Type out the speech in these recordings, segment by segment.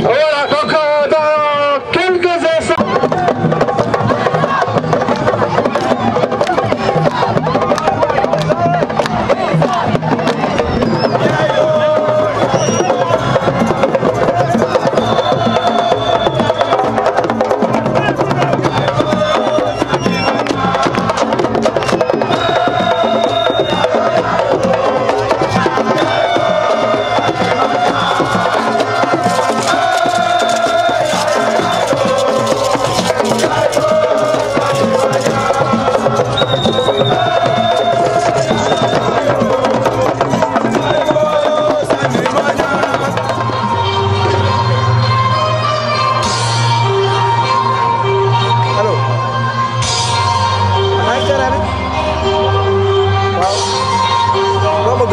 ¡Hola!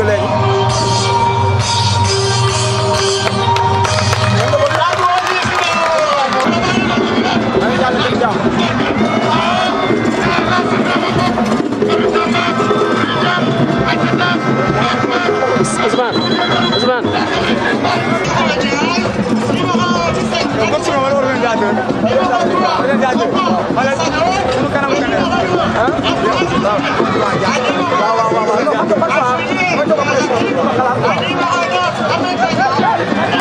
léegi. Anh Linh đã ai ngon, anh Linh chạy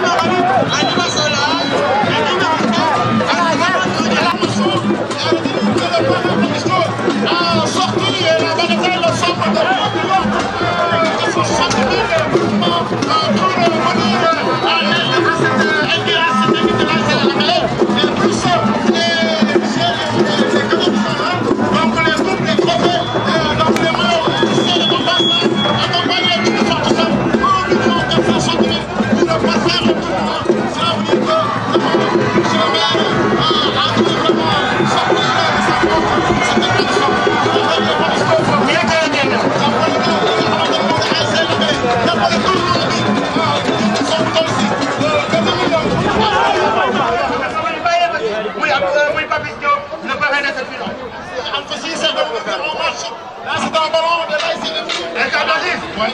願い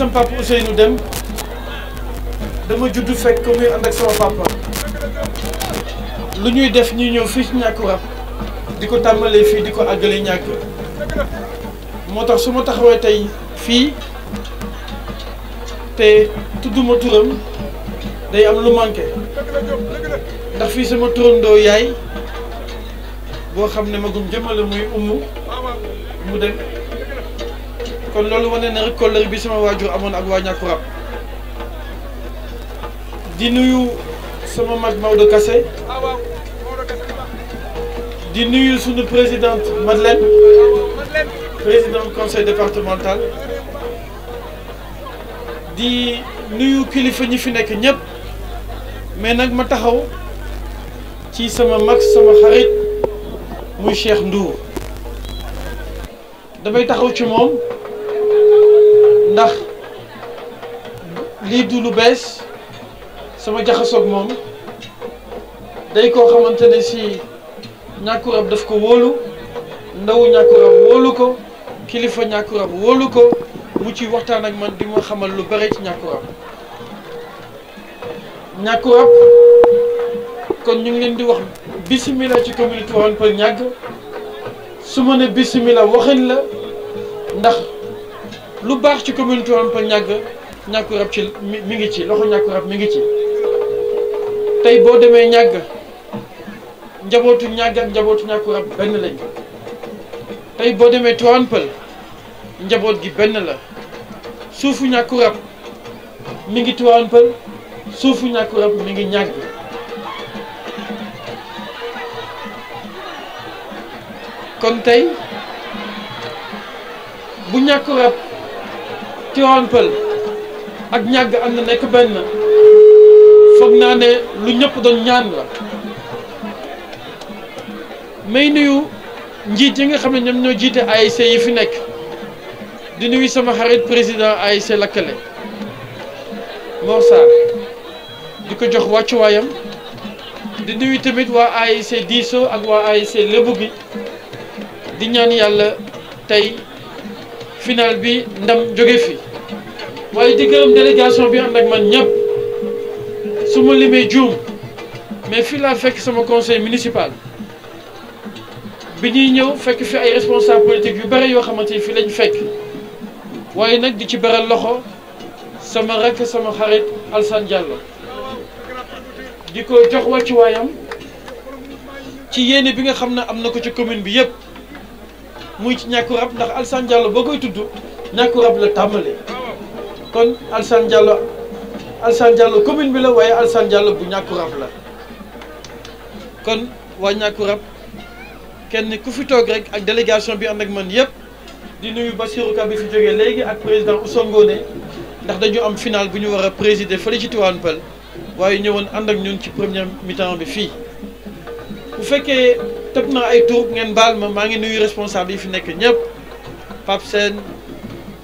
sama papa Ousseynou dem dama judd fekk muy ànd ak sama papa lu ñuy def ñuy ñëw fii ci ñàkku rab di ko tàmbalee fii di ko àggale ñàkk moo tax su ma taxawee tey fii te tudduma turam day am lu manqué ndax fii sama turandoo yaay boo xam ne magum jëmale muy umu mu dem kon loolu wane na rek kóllëre bi sama waajur amoon ak waa Niakoul di nuyu sama mag Maodo Kassé di nuyu suñu présidente Madeleine présidente conseil départemental di nuyu kilifa ñi fi nekk ñëpp mais nag ma taxaw ci sama mag sama xarit muy Cheikh Ndour damay taxaw ci moom ndax lii du lu bees sama jaxasoog moom day koo xamante ne si ñàkku rab daf ko wóolu ndaw ñàkku wóolu ko kilifa ñàkku rab wóolu ko mu ci waxtaan ak man di ma xamal lu bare ci ñàkku rab ñàkku kon ñu ngi leen di wax bisimila ci communauté Tivaouane Peulh su ma ne bisimila waxin la ndax lu baax ci commune Tivaouane Peulh ñàgg ñàkku rab ci mi ngi ci loxo ñàkku rab mu ngi ci tey boo demee ñàgg njabootu ñàgg ak njabootu ñàkku rab benn lañ tey boo demee Tivaouane Peulh njaboot gi benn la suufu ñàkku rab mi ngi Tivaouane Peulh suufu ñàkku rab mi ngi ñàgg kon tey bu ñàkku rab Tivaouane Peulh ak ñàgg am na nekk benn foog naa ne lu ñëpp doon ñaan la may nuyu njiit yi nga xam ne ñoom ñoo jiite ay ASC yi fi nekk di nuyu sama xarit président ASC Lakkale Mor di ko jox wàccuwaayam di nuyu tamit waa ASC Diso ak waa ASC Lébu bi di ñaan yàlla tey final bi ndam jogé fi waye di délégation bi and ak man ñep suma limé limee mais fi la fekk sama conseil municipal bi ñi ñëw fekk fi ay responsable politique yu bare yo xamante fi lañ fekk waye nak di ci beral loxo sama rek sama xarit Alsane Diallo di ko jox wàccuwaayam ci yéene bi nga xamna amna ko ci commune bi yépp muy ci ñàkku rab ndax Alassane boo koy tudd ñàkku rab la tàmbalee kon Alassane Diallo Alassane commune bi la waaye Alassane bu ñàkku rab la kon waa ñàkku rab kenn ku fi toog rek ak délégation bi ànd ak man yëpp di nuyu Bassirou Ka bi fi jógee léegi ak président Ousmane Ngoné ndax dañu am final bu ñu war présider fële ci Tivaouane waaye ñëwoon ànd ak ñun ci première mi bi fii bu fekkee. tëb naa ay tur ngeen baal ma maa ngi nuyu responsable yi fi nekk ñëpp Pape Sène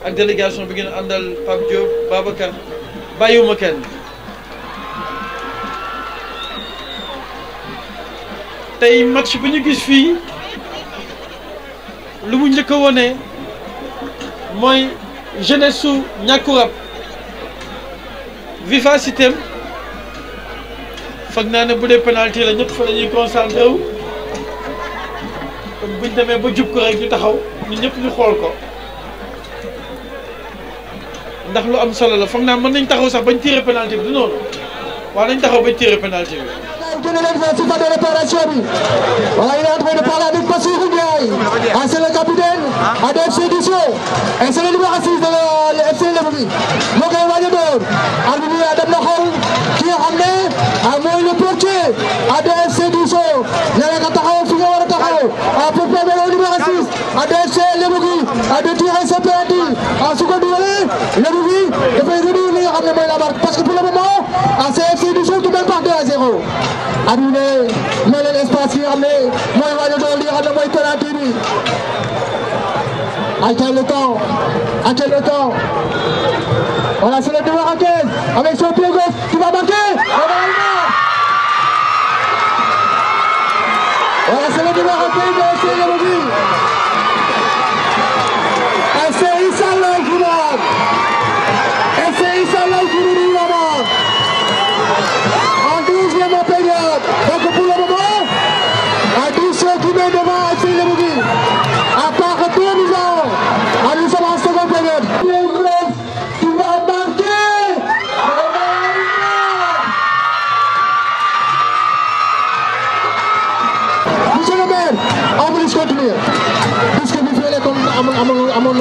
ak délégation bi ngeen àndal Pape Diop Babacar bàyyiwuma kenn tey match bi ñu gis fii lu mu njëkk a wone mooy jeunesse su Niakourab vivacité am foog naa ne bu dee penalty la ñëpp fa la ñuy concentré wu kon buñ demee ba jub ko rek ñu taxaw ñu ñëpp ñu xool ko ndax lu am solo la foog naa mën nañ taxaw sax bañ tiré penalty bi du noonu waaw nañ taxaw bañ tiré penalty bi. gëna leen fa ci fa de réparation bi waaye il est en train de parler avec Bassirou Ndiaye ah c'est le capitaine ADFC ah, Disso et c'est le numéro 6 de le FC Leboumi moo koy waaj a door arbitre bi dem na xool ki nga xam ne ah, mooy le portier ADFC ah, Ah, a tirer ce penalty en ce qui dugalee Le la parce que pour le moment CFC du jour tout même par 2 à 0. Annulé. Mais mooy leen moi Moi nga le a li xam quel temps à quel temps a c'est le à quel avec son pied gauche On va marquer On c'est le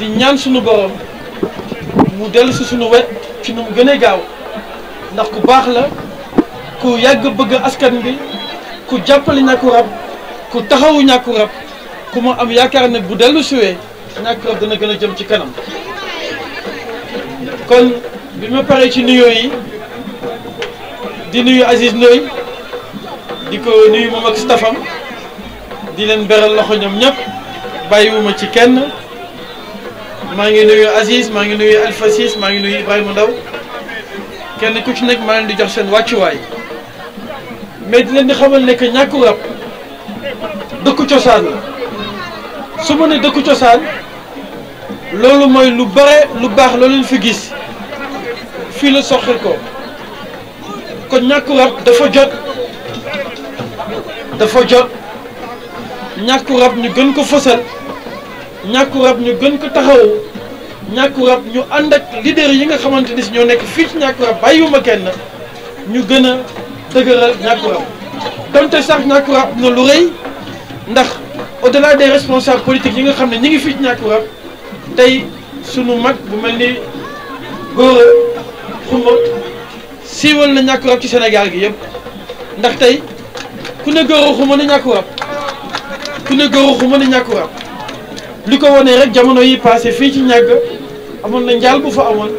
di ñaan suñu borom mu dellu si suñu wet ci nu gën a gaaw ndax ku baax la ku yàgg bëgg askan bi ku jàppale ñàkku rab ku taxawu ñàkku rab ku ma am yaakaar ne bu dellu siwee ñàkku rab dana gën a jëm ci kanam kon bi ma paree ci nuyoo yi di nuyu Aziz Ndoye di ko nuyu moom ak stafam di leen beral loxo ñoom bàyyiwuma ci kenn maa ngi nuyu Aziz maa ngi nuyu Alpha Sis maa ngi nuyu Ibrahima Ndaw kenn ku ci nekk maa leen di jox seen wàccuwaay mais di leen di xamal ne que ñàkku rab dëkku cosaan su ma ne dëkku cosaan loolu mooy lu bare lu baax loolu leen fi gis fii la soxal ko kon ñàkku rab dafa jot dafa jot ñàkku rab ñu gën ko fësal ñàkku rab ñu gën ko taxawu ñàkku ñu ànd ak leader yi nga xamante ni si ñoo nekk fii ci ñàkku rab bàyyiwuma kenn ñu gën a dëgëral ñàkku rab donte sax ñàkku rab na lu rëy ndax au-delà des responsables politiques yi nga xam ne ñi ngi fii ci ñàkku tey sunu mag bu mel ni góor a siiwal na ñàkku rab ci Sénégal gi yëpp ndax tey ku ne góor a xuma ne ñàkku a xuma li ko wonee rek jamono yi passé fii ci ñàgg amoon na njaal bu fa amoon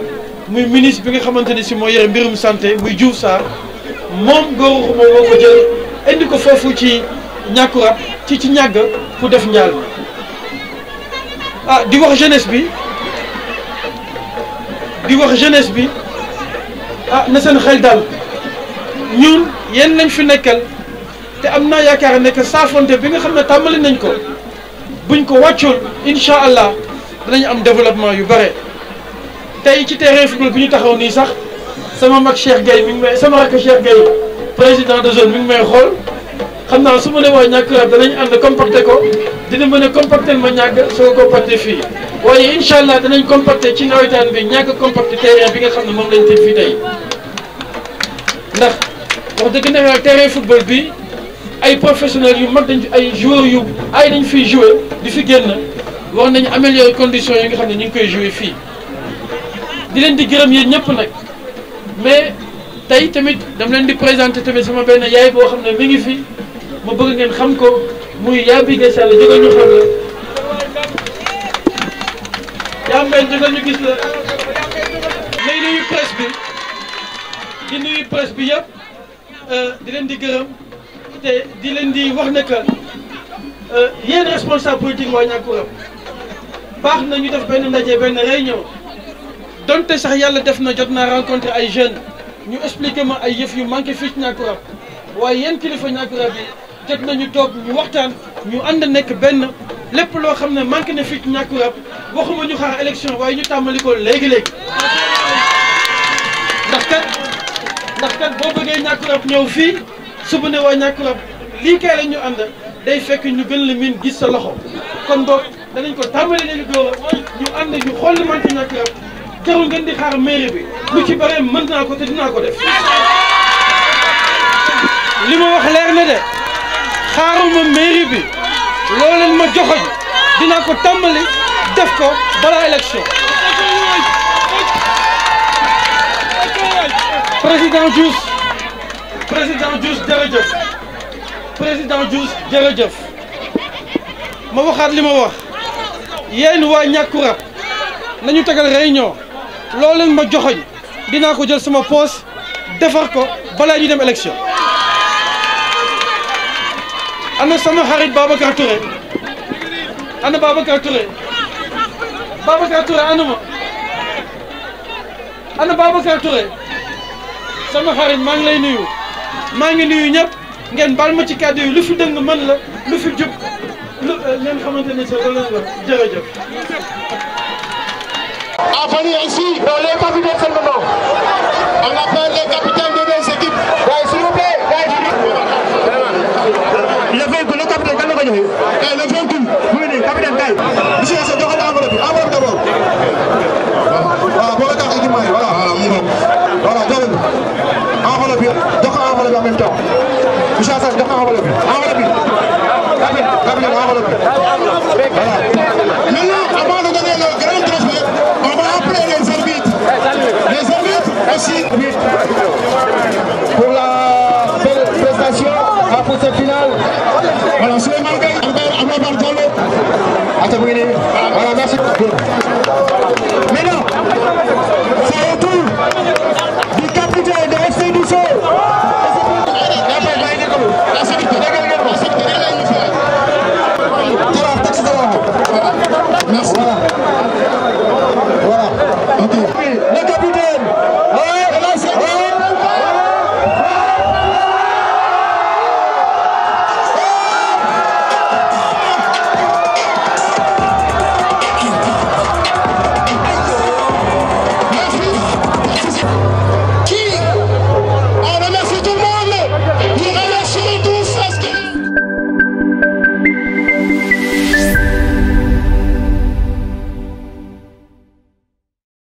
muy ministre bi nga xamante ni si moo yore mbirum santé muy Diouf Sarr moom góoru xuma moo ko jël indi ko foofu ci ñàkkurat ci ci ñàgg ku def njaal bi ah di wax jeunesse bi di wax jeunesse bi ah na seen xel daal ñun yéen lañ fi nekkal te am naa yaakaar a nekk saafonte bi nga xam ne tàmbali nañ ko buñ ko wàccul incha allah danañ am développement yu bare tey ci terrain football bu ñu taxaw nii sax sama mag Cheikh Gueye mi ngi may sama rakk Cheikh Gueye président de zone mi ngi may xool xam naa su ma ne waa ñàkk la danañ ànd compacté ko dina mën a compacté ma ñàkk soo compacté fii waaye incha allah danañ compacté ci nawetaan bi ñàkk compacté terrain bi nga xam ne moom lañ tëj fii tey ndax wax dëgg na terrain football bi ay professionnels yu mag dañ ay joueurs yu ay dañ jouer di fi conditions yi nga xam ne ñu ngi koy jouer fii di di mais tey tamit leen di présenter tamit sama benn yaay boo xam ne mi ngi fi ma bëgg ngeen xam ko muy bi Sall ñu la ñu gis la presse bi di presse bi euh, te di leen di wax ne que euh, yéen responsable politique waa Niankourab bax na ñu def ben ndaje benn réunion donte sax yalla def na jotna rencontrer ay jeunes ñu expliquer ma ay yëf yu manqué fii ci Niankourab waaye yéen kilifa Niankourab bi jot nañu toog ñu waxtaan ñu and nek ben lepp lo xamne ne manqué na fii ci Niankourab waxuma ñu xaar élection way ñu tàmbali légui légui ndax kat ndax kat boo bëggee Niankourab ñëw fi سبنا وانياك لا ليكي لينو عند داي فك نغن لمين غيس لخو كون دو دا نكو تامل لي دو ني عند ني خول مان تي نياك لا جارو نغن دي خار ميري بي لو تي بري من نكو تي نكو ديف لي ما واخ لير ني دي خارو ما ميري بي لولن ما جوخو دي نكو تامل ديف كو بلا الكسيون président juste président Diouf jërëjëf président Diouf jërëjëf ma waxaat li ma wax yéen waa ñàkku rab nañu tegal réunion loolu leen ma joxoñ dinaa ko jël sama poos defar ko balaa ñu dem élection ana sama xarit Babacar Touré ana Babacar Touré Babacar Touré ana ma ana Babacar Touré sama xarit maa ngi lay nuyu maa ngi nuyu ñëpp ngeen bal ma ci kàddu yi lu fi dëng mën la lu fi jub lu euh, ngeen xamante ne sa loolu la jërëjëf. À Paris ici, dans les capitaines seulement. On appelle les capitaines de nos équipes. S'il vous plaît, il a fait que le capitaine, quand on en même temps. le Moussa le dafa enveloppé enveloppé. Gabriel le enveloppé. Voilà. Maintenant avant de donner le grand transfert, on va appeler les arbitres. Les arbitres aussi. pour la prestation à cette finale. voilà Souleymane Gueye Abdoulaye Amna Bar Diallo. voilà merci.